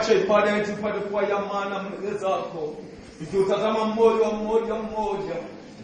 Tuache pale tupate kwa yamana mbele zako, tukiutazama mmoja mmoja mmoja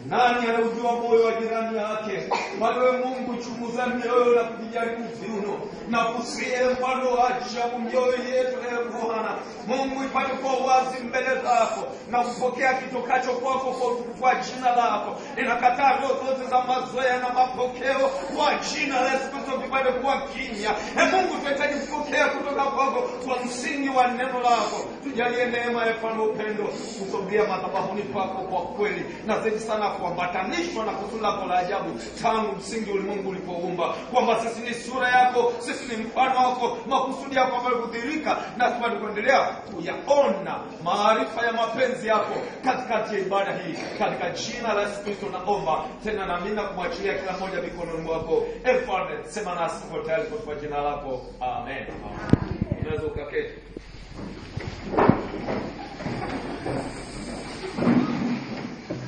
nani anaujua moyo wa jirani yake? Mfalme Mungu, chunguza mioyo na kujaribu viuno na kusie mfano wa ajabu mioyo yetu, ewe Bwana Mungu, ipate kwa wazi mbele zako na kupokea kitokacho kwako kwa utukufu wa jina lako. Ninakataa roho zote za mazoea na mapokeo kwa jina la Yesu Kristo, vipate kuwa kimya. E Mungu, tunahitaji kupokea kutoka kwako kwa msingi wa neno lako. Tujalie neema ya pano upendo kusogea madhabahuni pako kwa kweli na zaidi sana kuambatanishwa na kusudi lako la ajabu tangu msingi ulimwengu ulipoumba, kwamba sisi ni sura yako, sisi ni mfano wako, makusudi yako ambayo kudhirika na tuba, nikuendelea kuyaona maarifa ya mapenzi yako katikati ya ibada hii, katika jina la Yesu Kristo naomba tena, nami na kumwachilia kila mmoja mikononi mwako. E Mfalme, sema nasi, kwa tayari kwa jina lako, amen. Unaweza ukaketi.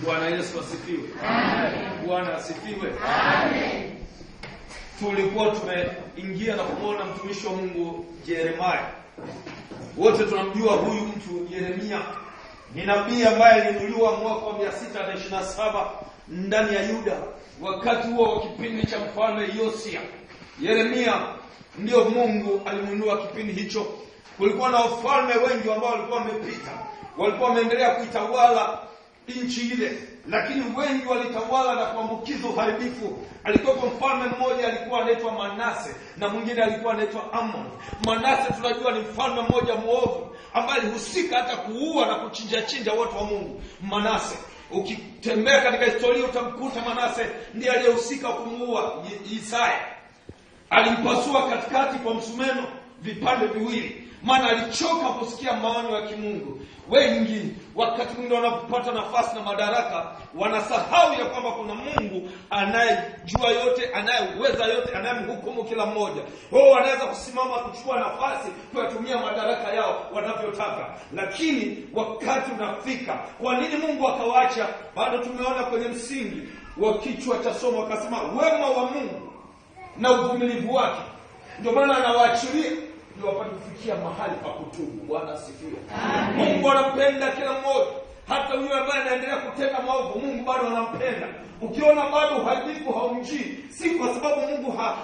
Bwana Yesu asifiwe. Amen. Bwana asifiwe. Amen. Tulikuwa tumeingia na kumwona mtumishi wa Mungu Yeremia. Wote tunamjua huyu mtu Yeremia ni nabii ambaye aliinuliwa mwaka wa 627 ndani ya Yuda wakati huo wa kipindi cha mfalme Yosia. Yeremia ndiyo Mungu alimuinua kipindi hicho. Kulikuwa na wafalme wengi ambao walikuwa wamepita, walikuwa wameendelea kuitawala nchi ile, lakini wengi walitawala na kuambukiza uharibifu. Alikuwa mfalme mmoja alikuwa anaitwa Manase na mwingine alikuwa anaitwa Amon. Manase tunajua ni mfalme mmoja mwovu ambaye alihusika hata kuua na kuchinja chinja watu wa Mungu. Manase ukitembea katika historia utamkuta Manase ndiye aliyehusika kumuua Isaya, alimpasua katikati kwa msumeno vipande viwili maana alichoka kusikia maoni ya kimungu. Wengi wakati mwingine wanapopata nafasi na madaraka, wanasahau ya kwamba kuna Mungu anayejua yote, anayeweza yote, anayemhukumu kila mmoja. Wao wanaweza kusimama kuchukua nafasi, kuyatumia madaraka yao wanavyotaka, lakini wakati unafika. Kwa nini Mungu akawaacha? Bado tumeona kwenye msingi wa kichwa cha somo, akasema wema wa Mungu na uvumilivu wake, ndio maana anawaachilia ndio wapate kufikia mahali pa kutubu. Bwana asifiwe. Mungu anampenda kila mmoja, hata huyo ambaye anaendelea kutenda maovu, Mungu bado anampenda. Ukiona bado uharibifu haumjii, si kwa sababu Mungu ha,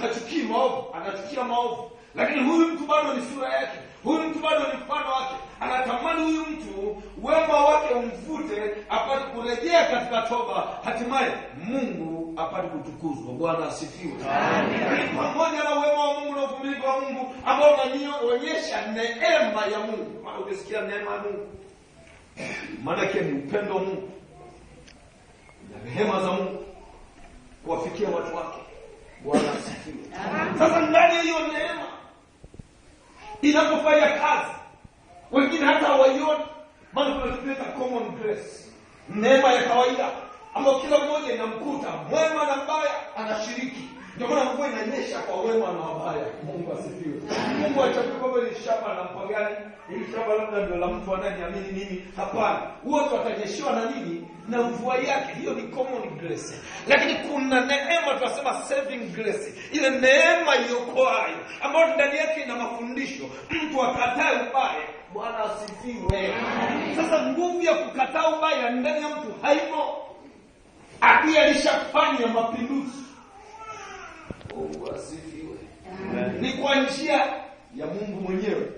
anachukii maovu, anachukia maovu, lakini huyu mtu bado ni sura yake Huyu mtu bado ni mfano wake, anatamani huyu mtu wema wake umvute, apate kurejea katika toba, hatimaye Mungu apate kutukuzwa. Bwana asifiwe. pamoja na wema wa Mungu na uvumilivu wa Mungu ambao unanionyesha neema ya Mungu. Maana ukisikia neema ya Mungu, maanake ni upendo wa Mungu na rehema za Mungu kuwafikia watu wake. Bwana asifiwe. Sasa ndani ya hiyo neema inapofanya kazi, wengine hata hawaioni, maana tunatumiza common grace, neema ya kawaida ambayo kila mmoja inamkuta mwema na mbaya, anashiriki ndio maana mvua inanyesha kwa wema na wabaya. Mungu asifiwe. Mungu achajua kwamba ni shamba la mtu gani, ili shamba labda ndio la mtu anayeamini nini? Hapana, wote watanyeshewa na nini? Na mvua yake. Hiyo ni common grace, lakini kuna neema tunasema saving grace, ile neema iokoayo ambayo ndani yake ina mafundisho, mtu akatae ubaya. Bwana asifiwe. Sasa nguvu ya kukataa ubaya ndani ya mtu haimo, adui alishafanya mapinduzi Mungu asifiwe. Ni kwa njia ya Mungu mwenyewe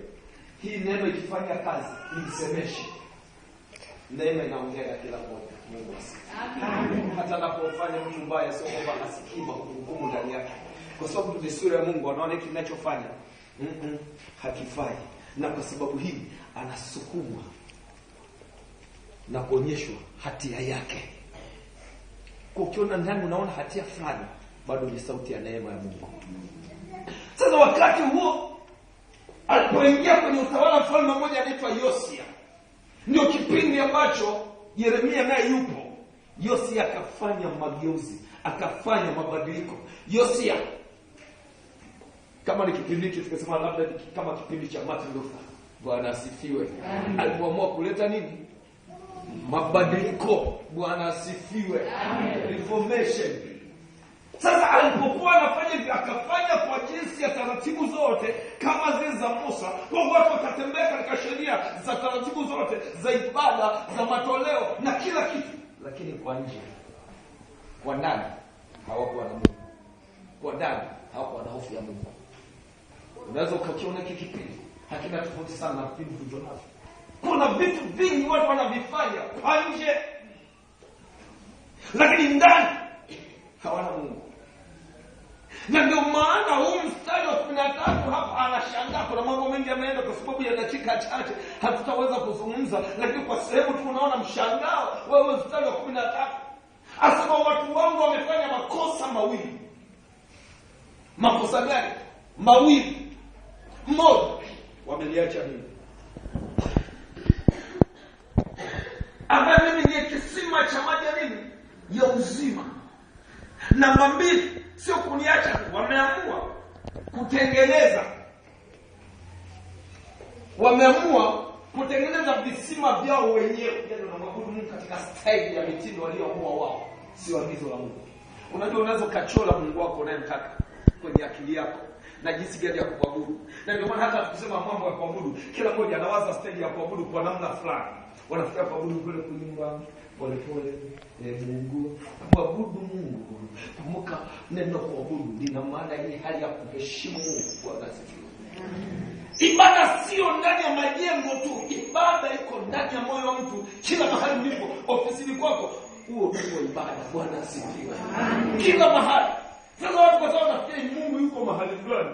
hii neno ikifanya kazi, imsemeshe neema inaongea kila mmoja. Mungu asifiwe. Hata anapofanya mtu mbaya, sio kwamba anasikii mahukumu ndani yake, kwa sababu ni sura ya Mungu, anaona kinachofanya mm -mm, hakifai, na kwa sababu hii anasukumwa na kuonyeshwa hatia yake. Kwa ukiona ndani unaona hatia fulani bado ni sauti ya neema ya Mungu. Sasa wakati huo alipoingia kwenye utawala mfalme mmoja anaitwa Yosia, ndio kipindi ambacho Yeremia naye yupo. Yosia akafanya mageuzi, akafanya mabadiliko. Yosia kama ni kipindi hicho tukasema labda ni kama kipindi cha Martin Luther. Bwana asifiwe. Alipoamua kuleta nini? Mabadiliko. Bwana asifiwe. Reformation sasa alipokuwa anafanya akafanya kwa jinsi ya taratibu zote kama zile za musa kwa watu wakatembea katika sheria za taratibu zote za ibada za matoleo na kila kitu lakini kwa nje kwa ndani hawakuwa na mungu kwa ndani hawakuwa na hofu ya mungu unaweza ukakiona hiki kipindi hakina tofauti sana na vipindi tulivyonavyo kuna vitu vingi watu wanavifanya kwa nje lakini ndani hawana mungu na ndio maana huu mstari wa kumi na tatu hapa anashangaa. Kuna mambo mengi yameenda, kwa sababu ya dakika chache hatutaweza kuzungumza, lakini kwa sehemu tu unaona mshangao wewe. Mstari wa kumi na tatu asema watu wangu wamefanya makosa mawili. Makosa gani? Mawili. Mmoja, wameliacha mimi ambaye mimi niye kisima cha maji ya nini, ya uzima. Namba mbili sio kuniacha tu, wameamua kutengeneza, wameamua kutengeneza visima vyao wenyewe, ndio na mabudu Mungu katika staili ya mitindo walioamua wao, sio agizo la Mungu. Unajua, unaweza ukachola Mungu wako unayemtaka kwenye akili yako na jinsi gani ya kuabudu, na ndio maana hata tukisema mambo ya kuabudu, kila mmoja anawaza staili ya kuabudu kwa namna fulani wanafika kuabudu kule kuimba polepole e, Mungu kuabudu Mungu. Kumbuka neno kuabudu lina maana hii hali ya kuheshimu Mungu kwa Ibada sio ndani ya majengo tu, ibada iko ndani ya moyo wa mtu, kila mahali mlipo, ofisini kwako, huo ndio ibada. Bwana asifiwe. Kila mahali. Sasa watu kwa sababu nafikiri Mungu yuko mahali fulani,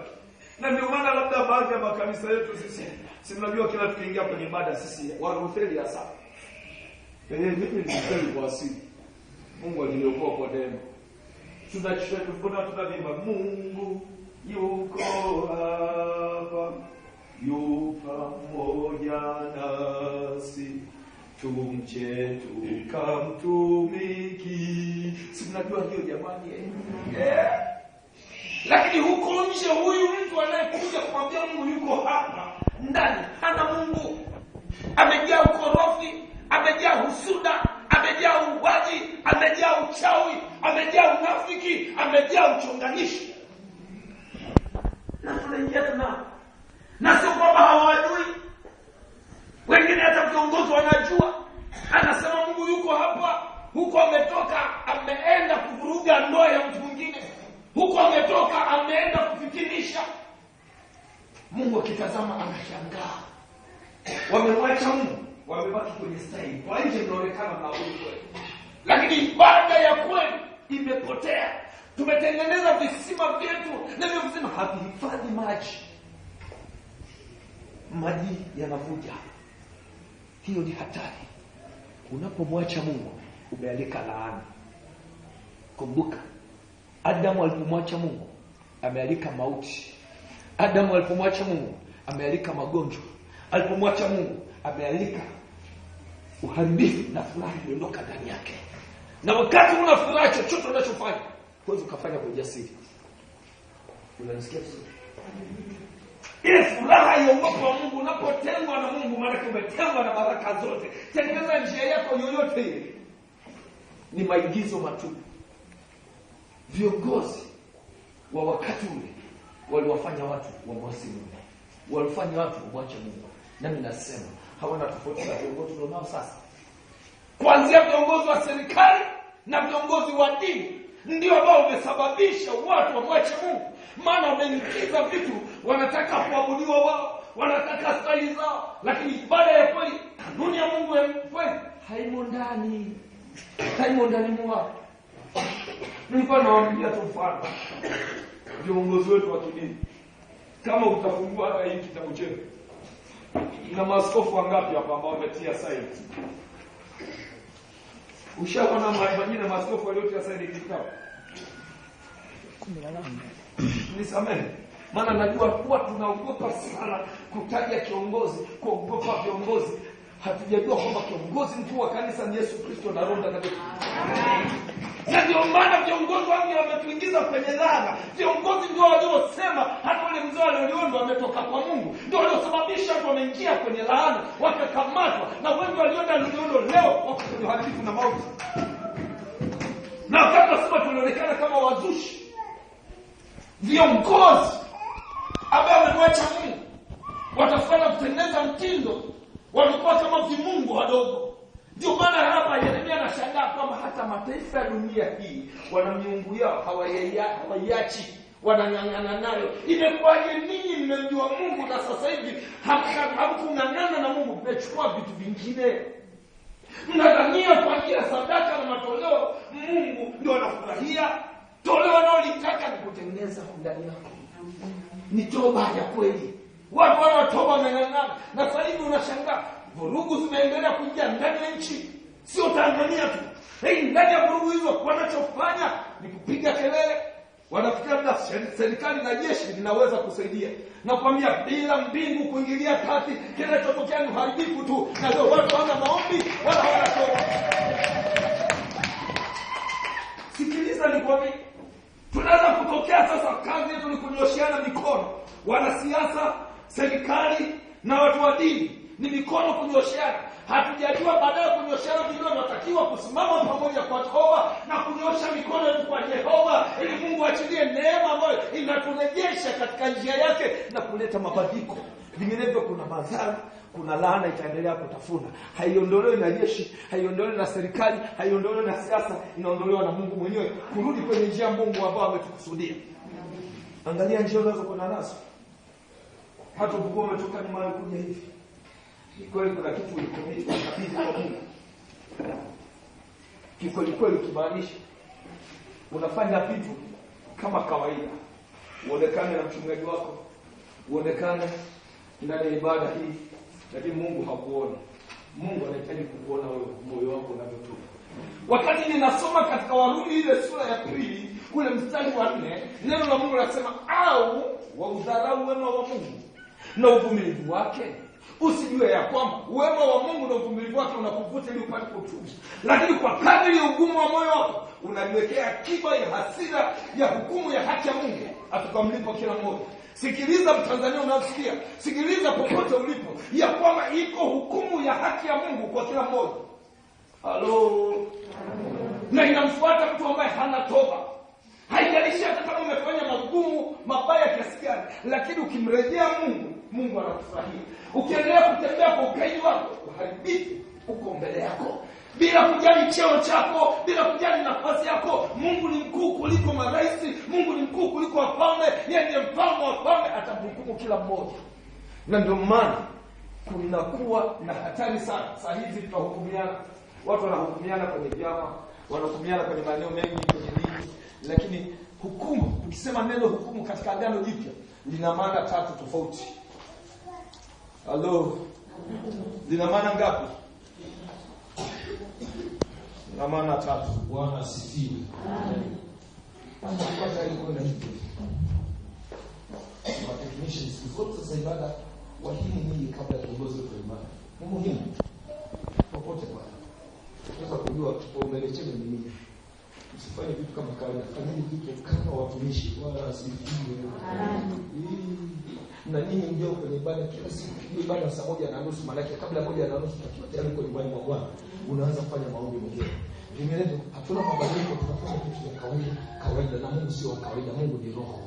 na ndio maana labda baadhi ya makanisa yetu sisi Si mnajua kila tukiingia kwenye ibada sisi wa wanufeli hasa. mimi ni nilifeli kwa asili. Mungu aliniokoa kwa neema. Tunachukua tukona tunaimba Mungu yuko hapa. Yu moja nasi tumche tukamtumiki. Si mnajua hiyo jamani eh? Yeah. Lakini huko nje huyu mtu anayekuja kumwambia Mungu yuko hapa ndani hana Mungu, amejaa ukorofi, amejaa husuda, amejaa uuaji, amejaa uchawi, amejaa unafiki, amejaa uchonganishi na tunaingia tuna na sio kwamba hawajui wengine, hata viongozi wanajua. Anasema Mungu yuko hapa, huko ametoka ameenda kuvuruga ndoa ya mtu mwingine, huko ametoka ameenda kufikinisha Mungu akitazama anashangaa. Wamemwacha Mungu, wamebaki kwenye staili. Kwa nje mnaonekana mazuri kweli, lakini ibada ya kweli imepotea. Tumetengeneza visima vyetu na visima havihifadhi maji, maji yanavuja. Hiyo ni hatari. Unapomwacha Mungu umealika laana. Kumbuka Adamu alipomwacha Mungu amealika mauti Adamu alipomwacha Mungu amealika magonjwa, alipomwacha Mungu amealika uharibifu, na furaha iliondoka ndani yake. Na wakati una furaha, chochote unachofanya huwezi ukafanya kwa ujasiri. Unanisikia vizuri? Ile furaha ya uwepo wa Mungu, unapotengwa na Mungu, maana umetengwa na baraka zote. Tengeneza njia yako yoyote ile, ni maigizo matupu. Viongozi wa wakati ule waliwafanya watu wamwasi Mungu, walifanya watu wamwache Mungu. Nami nasema hawana tofauti na viongozi tulionao sasa, kuanzia viongozi wa serikali na viongozi wa dini ndio ambao wamesababisha watu wamwache Mungu, maana wameingiza vitu, wanataka kuabudiwa wao, wanataka stali zao, lakini ibada ya kweli, kanuni ya Mungu ya kweli haimo ndani, haimo ndani mwao. Nilikuwa nawaambia tu mfano viongozi wetu wa kidini. Kama utafungua hata hii kitabu chetu, na maaskofu wangapi hapa ambao wametia saini? Ushaona majina maaskofu waliotia saini kitabu? Nisamehe, maana najua kuwa tunaogopa sana kutaja kiongozi, kuogopa viongozi. Hatujajua kwamba kiongozi mkuu wa kanisa ni Yesu Kristo na Roho Mtakatifu na ndio maana viongozi wangi wametuingiza kwenye dhana. Viongozi ndio waliosema hata wale mzee waliolionda wametoka kwa Mungu, ndio waliosababisha watu wameingia kwenye laana, wakakamatwa, na wengi walioenda liliondo leo wako kwenye uhalifu na mauti, na kama sema tunaonekana kama wazushi, viongozi ambao wamemwacha Mungu, watafanya kutengeneza mtindo, wamekuwa kama vimungu wadogo ndio maana hapa Yeremia anashangaa kwamba hata mataifa ya dunia hii wana miungu yao hawaiachi wanang'ang'ana nayo. Imekuwaje ninyi mmemjua Mungu na sasa hivi hamkung'ang'ana na Mungu, mmechukua vitu vingine? Mnadhania kwa kila sadaka na matoleo Mungu ndio anafurahia. Toleo anaolitaka ni kutengeneza ndani yako, ni toba ya kweli. Watu wanaotoba wameng'ang'ana, na sasa hivi unashangaa vurugu zinaendelea kuingia ndani ya nchi, sio Tanzania tu. Hei, ndani ya vurugu hizo wanachofanya ni kupiga kelele, wanafikiria labda serikali na jeshi linaweza kusaidia. Nakwambia bila mbingu kuingilia kati, kinachotokea ni uharibifu tu, na ndio watu hawana maombi wala hawana Sikiliza nikwambie, tunaweza kutokea sasa, kazi yetu ni kunyosheana mikono, wanasiasa, serikali na watu wa dini ni mikono kunyoshana hatujajua baadaye kunyoshana vilio natakiwa kusimama pamoja kwa Jehova na kunyosha mikono yetu kwa Jehova ili Mungu achilie neema ambayo inaturejesha katika njia yake na kuleta mabadiliko vinginevyo kuna madhara kuna laana itaendelea kutafuna. Haiondolewi na jeshi, haiondolewi na serikali, haiondolewi na siasa, inaondolewa na Mungu mwenyewe, kurudi kwenye njia Mungu ambao ametukusudia. Angalia njia unazokwenda nazo, hata ukikuwa umetoka ni kuja hivi kikweli kuna kitu ulikomiti kabisa kwa Mungu kikweli kweli, kimaanisha unafanya vitu kama kawaida, uonekane na mchungaji wako, uonekane ndani ya ibada hii, lakini Mungu hakuona. Mungu anahitaji kukuona wewe, moyo wako unavyotupa. Wakati ninasoma katika Warumi ile sura ya pili kule mstari wa nne, neno la Mungu linasema au waudharau wema wa Mungu na uvumilivu wake usijue ya kwamba uwema wa Mungu na uvumilivu wake unakuvuta ili upate kutubu, lakini kwa kadri ya ugumu wa moyo wako unaliwekea akiba ya hasira ya hukumu ya haki ya Mungu atukamlipo kila mmoja. Sikiliza Mtanzania unasikia, sikiliza popote ulipo, ya kwamba iko hukumu ya haki ya Mungu kwa kila mmoja. Halo, na inamfuata mtu ambaye hana toba, haijalishi hata kama umefanya magumu mabaya fulani, lakini ukimrejea Mungu, Mungu anakufurahia. Ukiendelea kutembea kwa ukaidi wako, uharibiki uko mbele yako, bila kujali cheo chako, bila kujali nafasi yako. Mungu ni mkuu kuliko maraisi Mungu ni mkuu kuliko wafalme. Yeye ndiye mfalme wa wafalme, atamhukumu kila mmoja, na ndio maana kunakuwa na hatari sana. Saa hizi tunahukumiana, watu wanahukumiana kwenye vyama, wanahukumiana kwenye maeneo mengi, kwenye dini, lakini hukumu, ukisema neno hukumu katika Agano Jipya lina maana tatu tofauti. Halo. Lina maana ngapi? Lina maana tatu. Bwana asifiwe. Amen. Kwanza ilikuwa na hivi. Kwa siku zote za ibada wahini nyingi kabla ya kuongoza kwa imani. Ni muhimu. Popote pale. Unaweza kujua kipaumbele chenu ni nini? Usifanye vitu kama kawaida, fanyeni vitu kama watumishi, wala asifiwe. Na ninyi mjao kwenye ibada kila siku, ibada saa moja na nusu, maanake kabla moja na nusu takiwa tayari uko nyumbani mwa Bwana, unaanza kufanya maombi mwenyewe. Vinginevyo hatuna mabadiliko, tunafanya vitu vya kawaida kawaida, na Mungu sio wa kawaida. Mungu ni Roho.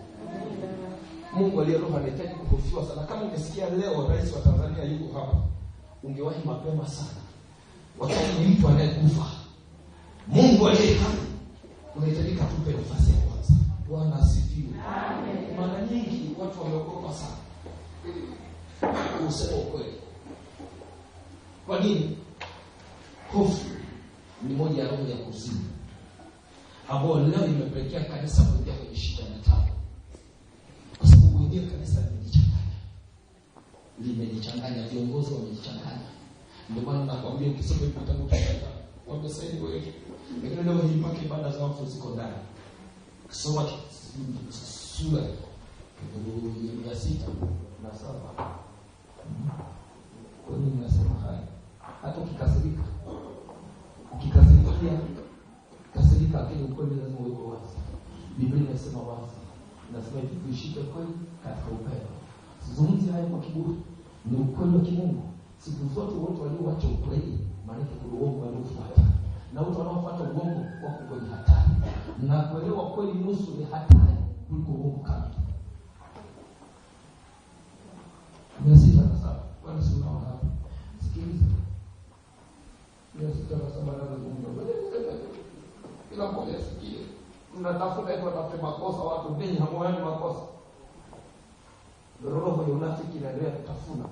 Mungu aliye Roho anahitaji kuhofiwa sana. Kama umesikia leo rais wa Tanzania yuko hapa, ungewahi mapema sana, wakati ni mtu anayekufa. Mungu aliye hai unahitajika tupe nafasi ya kwanza. Bwana asifiwe. Amen. Mara nyingi watu wameogopa sana kusema ukweli. Kwa nini? Hofu ni moja ya roho ya kuzimu ambayo leo imepelekea kanisa kuingia kwenye shida na tabu, kwa sababu mwenyewe kanisa limejichanganya, limejichanganya, viongozi wamejichanganya. Ndio maana nakwambia ukisoma vitabu wamesaidia wengi lakini leo hii mpaka ibada za wafu ziko ndani. Soma sura ya sita na saba. Kwa nini nasema haya? Hata ukikasirika, ukikasirikia, kasirika lakini ukweli lazima uwe wazi. Biblia inasema wazi, inasema hivi, tuishike kweli katika upendo. Sizungumzi haya kwa kiburi, ni ukweli wa Kimungu. Siku zote wote waliowacha ukweli, maanake kuna uongo waliofuata na watu wanaofuata uongo wako kwenye hatari, na kuelewa kweli nusu ni hatari kuliko uongo kamili. mia sita na saba kwani si unaona Sikiliza mia sita na saba nazungumza kila mmoja asikie. Mnatafuta watafute makosa, watu ninyi hamuoni makosa. Roho ya unafiki inaendelea kutafuna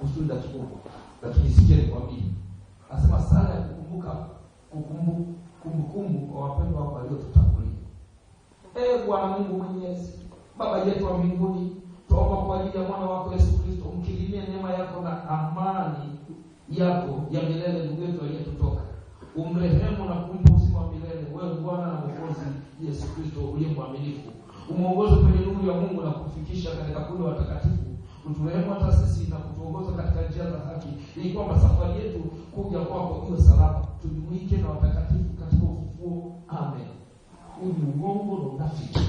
kusudi la lakini nikwambie, ya kukumbuka kukumbu kumbukumbu kwa wapendwa wako waliotutangulia. Ee Bwana Mungu Mwenyezi, Baba yetu wa mbinguni, tuomba kwa ajili ya mwana wako Yesu Kristo, umkirimie neema yako na amani yako ya milele ndugu yetu aliyetutoka. Umrehemu na kumpa uzima wa milele, wewe Bwana na Mwokozi Yesu Kristo uliye mwaminifu. Umuongoze kwenye nuru ya Mungu na kufikisha katika kundi watakatifu. Uturehemu hata sisi na kutuongoza katika njia za haki, ili kwamba safari yetu kuja kwako hiyo salama, tujumuike na watakatifu katika ufufuo. Amen. Huu ni uongo na unafiki.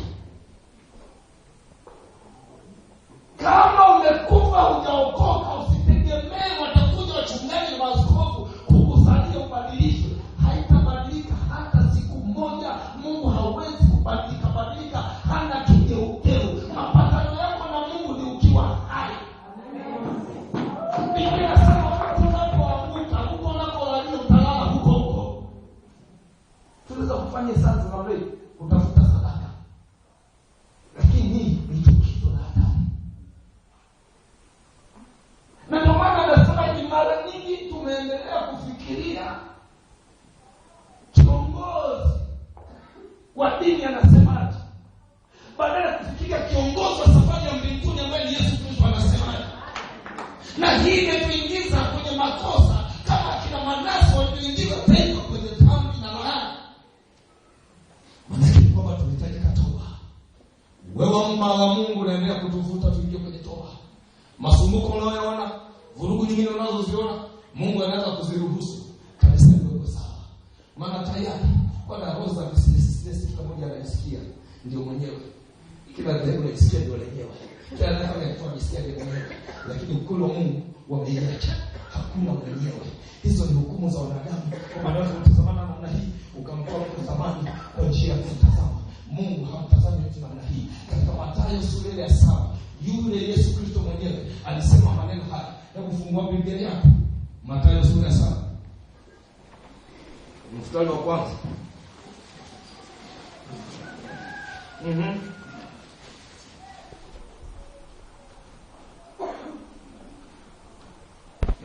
Kama umekufa hujaokoka, usitegemee watakuja wachungaji maaskofu masumbuko unayoona, vurugu nyingine unazoziona, Mungu anaweza kuziruhusu kabisa, liweko sawa, maana tayari Bwana roho za visisisi kila mmoja anasikia ndio mwenyewe, kila dhehebu anasikia ndio lenyewe, kila dhehebu anatoa anasikia ndio mwenyewe, lakini ukulu wa Mungu wameiacha, hakuna mwenyewe. Hizo ni hukumu za wanadamu, kwa maana tunatazamana namna hii, ukamkoa mtu thamani kwa njia ya kutazama Mungu hamtazami mtu namna hii. Katika matayo sura ya saba yule Yesu Kristo mwenyewe alisema maneno haya. Hebu fungua Biblia yako, matayo sura ya saba mstari wa kwanza. Mhm.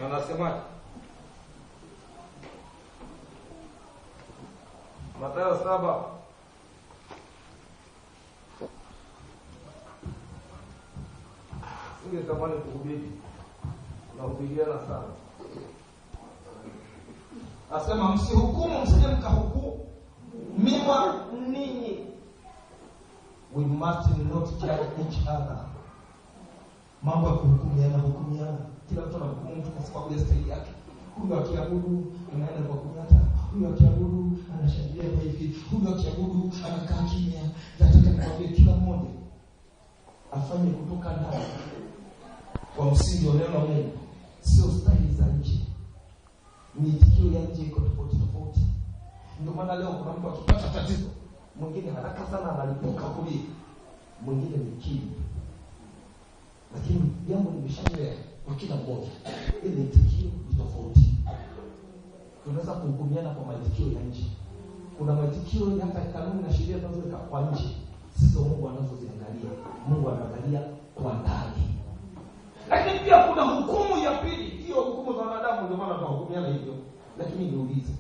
Na nasemaje? saba Sije tamani kuhubiri, unahubiriana sana. Asema msihukumu, msije mkahukumiwa ninyi. We must not judge each other. Mambo ya kuhukumiana hukumiana, kila mtu anahukumu mtu kwa sababu ya staili yake. Huyu akiabudu anaenda kwa kunyata, huyu akiabudu anashangilia kwa hivi, huyu akiabudu anakaa kimya. Nataka nikwambie kila mmoja afanye kutoka ndani kwa msingi wa neno la Mungu sio staili za nje, ni Miitikio ya nje iko tofauti tofauti. Ndio maana leo kuna mtu akipata tatizo, mwingine haraka sana analipuka kulia, mwingine ni kimya. Lakini jambo limeshazoea kwa kila mmoja, ile itikio ni tofauti. Tunaweza kuhukumiana kwa maitikio ya nje. Kuna maitikio hata kanuni na sheria zinazoweka kwa nje, sizo Mungu anazoziangalia. Mungu anaangalia kwa ndani lakini pia kuna hukumu ya pili, hiyo hukumu za wanadamu, ndio maana tunahukumiana hivyo. Lakini niulize,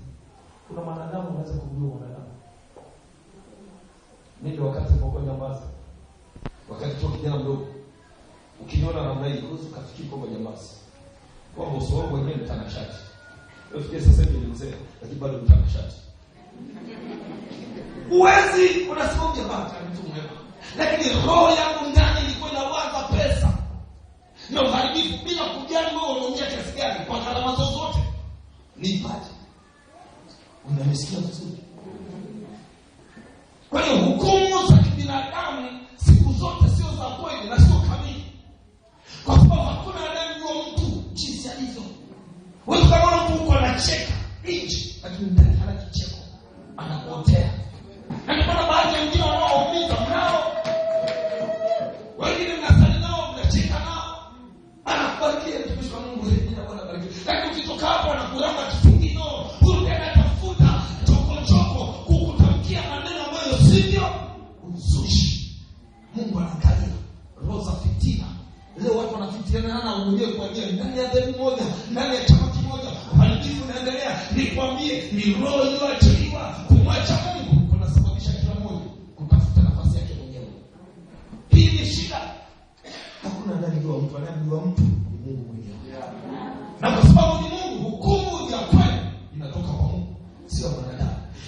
kuna mwanadamu anaweza kujua mwanadamu? Mimi wakati nilipokuwa Nyambaza, wakati tu kijana mdogo, ukiniona namna hii kuhusu kafikiri kwamba Nyambaza, kwamba uso wangu wenyewe mtanashati. Nafikia sasa hivi ni mzee, lakini bado mtanashati. uwezi unasema Nyambaza ni mtu mwema, lakini roho yangu ndani na uharibifu bila kujali wewe unaumia kiasi gani, kwa gharama zozote ni ibada. Unanisikia vizuri? Kwa hiyo hukumu za kibinadamu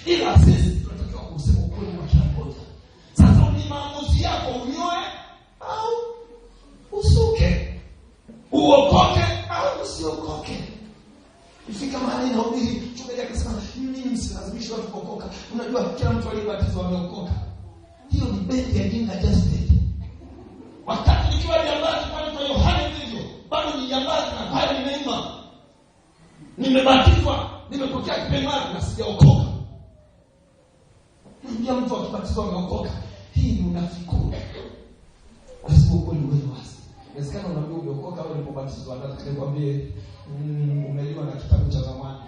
ila sisi tunatakiwa kusema ukweli wa moja. Sasa ni maamuzi yako, unyoe au usuke, uokoke au usiokoke. Ifika mahali inahubiri chungaji akasema nini, msilazimishi watu kuokoka. Unajua kila mtu aliyebatizwa ameokoka. Hiyo ni bendi ya jina justice. Wakati nikiwa jambazi kwani kwa Yohana hivyo bado ni jambazi na bado nimeima, nimebatizwa, nimepokea kipenzi na sijaokoka kuingia mtu akibatizwa ameokoka. Hii ni unafiki. Lazima ukweli uwe wazi. Inawezekana unaambia umeokoka au ulipobatizwa, nataka nikwambie mm, umeliwa na kitabu cha zamani.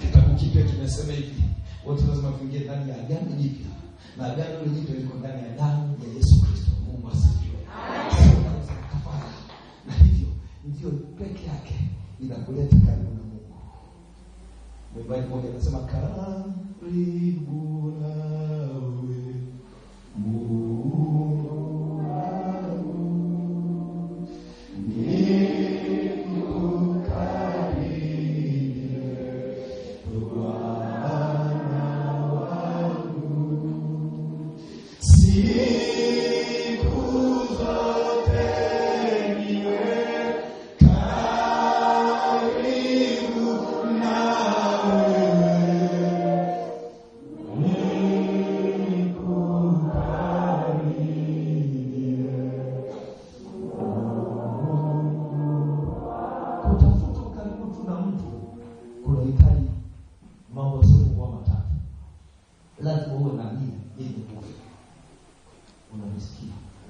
Kitabu kipya kimesema hivi, wote lazima kuingia ndani ya agano jipya, na agano hilo jipya liko ndani ya damu ya Yesu Kristo. Mungu asifiwe. Kafara na hivyo ndio peke yake inakuleta karibu na Mungu. Mwimbaji mmoja anasema karamu Bring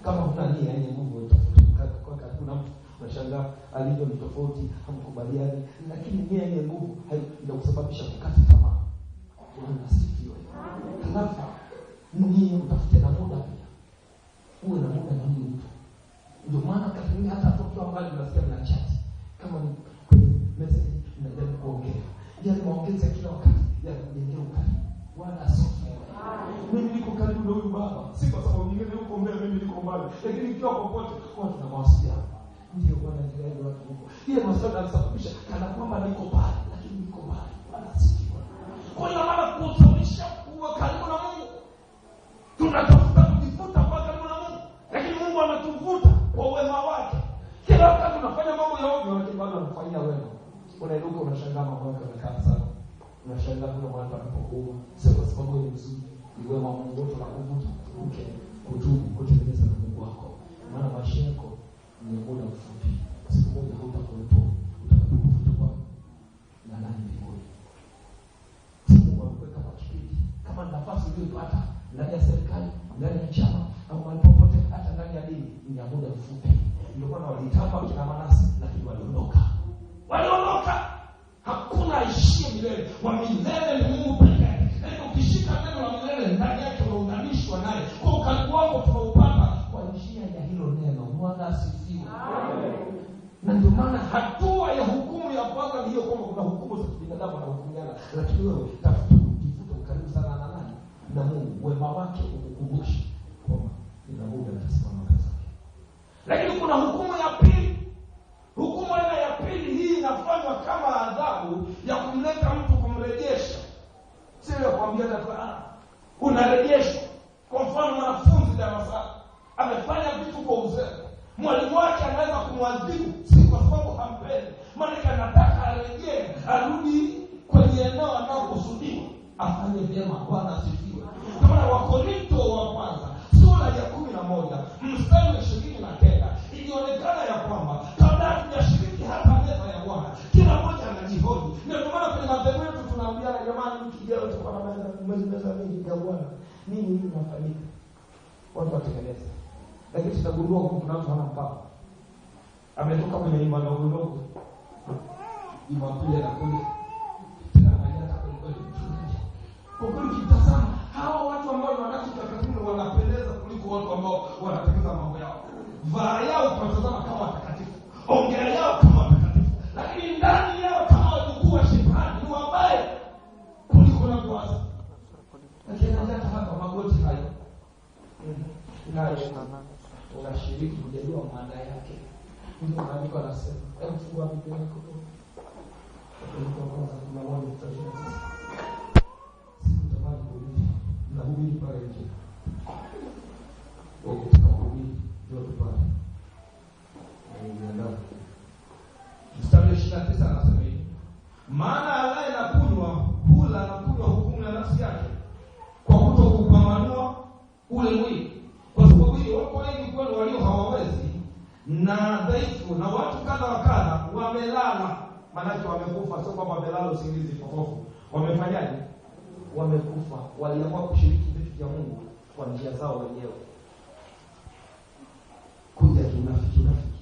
kama huna nia yaani yenye Mungu utafuta, unashangaa alivyo ni tofauti, hamkubaliani, lakini nia yenye Mungu inakusababisha kukata tamaa. Bwana asifiwe. Halafu nia utafute na muda pia, uwe na muda na huyu mtu. Ndio maana katika hata tukiwa mbali unasikia mna chat kama ni kwenye message, mnajaribu kuongea, yaani maongezi ya kila wakati ya kujengea ukali. Bwana asifiwe. Mimi niko karibu na huyu baba, si kwa sababu nyumbani, lakini ikiwa popote huwa mawasiliano ndio Bwana jirani watu huko. Ile maswali yanasababisha kana kwamba niko pale, lakini niko mbali, anasikiwa. Kwa hiyo maana kutumisha kuwa karibu na Mungu, tunatafuta kujifuta kwa karibu na Mungu, lakini Mungu anatuvuta kwa wema wake. Kila wakati tunafanya mambo ya ovyo, lakini bado anafanyia wema. Unainuka unashangaa mambo yako yanakaa sana, unashangaa kuna mahali panapokuwa, sio kwa sababu ni mzuri, ni wema Mungu, wote wanakuvuta okay, kutubu, kutengeneza wako, maana maisha yako ni muda mfupi, siku moja hautakuwepo. lakini wewe tafuta kujivuta karibu sana na nani na Mungu, wema wake ukukumbushe kwamba ina muda nitasimama mbele zake. Lakini kuna hukumu ya pili. Hukumu ile ya pili hii inafanywa kama adhabu ya kumleta mtu, kumrejesha, sio kuambia ah, unarejeshwa. Kwa mfano mwanafunzi darasani amefanya vitu kwa uzee, mwalimu wake anaweza kumwadhibu, si kwa sababu hampendi, maanake anataka arejee, arudi aliyenao anaokusudiwa afanye vyema. Bwana asifiwe. kama maana Wakorinto wa kwanza sura ya kumi na moja mstari wa ishirini na kenda ilionekana ya kwamba kabla hatujashiriki hata meza ya Bwana, kila mmoja anajihoji. Ndio kwa maana kwenye madhehebu yetu tunaambiana, jamani, wiki ijayo tutakuwa na meza mwezi meza mingi ya Bwana. Nini hii inafanyika? Watu watengeneza, lakini tutagundua kwa kuna mtu hana mpango, ametoka kwenye imani ndogo ndogo, na anakuja kwa kweli kitazama hawa watu ambao wanaishi katikati wanapendeza kuliko watu ambao wanapendeza mambo yao. Vaa yao tunatazama kama watakatifu. Ongea yao kama watakatifu. Lakini ndani yao kama wajukuu wa shetani ni wabaya kuliko wanavyowaza. Lakini hata hapa magoti hayo. unashiriki kujadiliwa maana yake. Ndio maandiko anasema, "Hebu fungua Biblia yako." maanake wamekufa, sio kwamba wamelala usingizi potofu. Wamefanyaje? Wamekufa, waliamua kushiriki vitu vya Mungu kwa njia zao wenyewe, kuja kinafiki nafiki,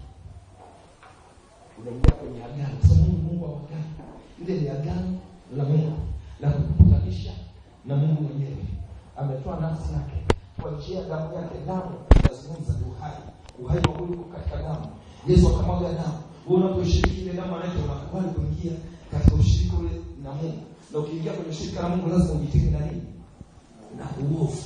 unaingia kwenye agano. Sasa Mungu wa agano, ile ni agano la Mungu la kukutanisha na Mungu mwenyewe. Ametoa nafsi yake kwa njia ya damu yake. Damu inazungumza uhai, uhai wa Mungu katika damu. Yesu akamwaga damu unaposhiriki ile damu anaitwa unakubali kuingia katika ushirika ule na Mungu. Na ukiingia kwenye ushirika na Mungu lazima ujitenge na nini? Na uovu.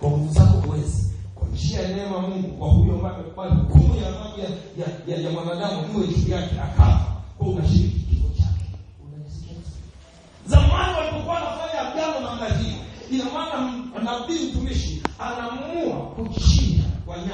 Kwa nguvu zako huwezi. Kwa njia ya neema Mungu kwa huyo ambaye amekubali hukumu ya mambo ya ya, ya, ya mwanadamu iwe juu yake akafa. Kwa unashiriki kifo chake. Unajisikia? Zamani walipokuwa wanafanya agano na mnabii, ina maana nabii mtumishi anaamua kuchinja wanyama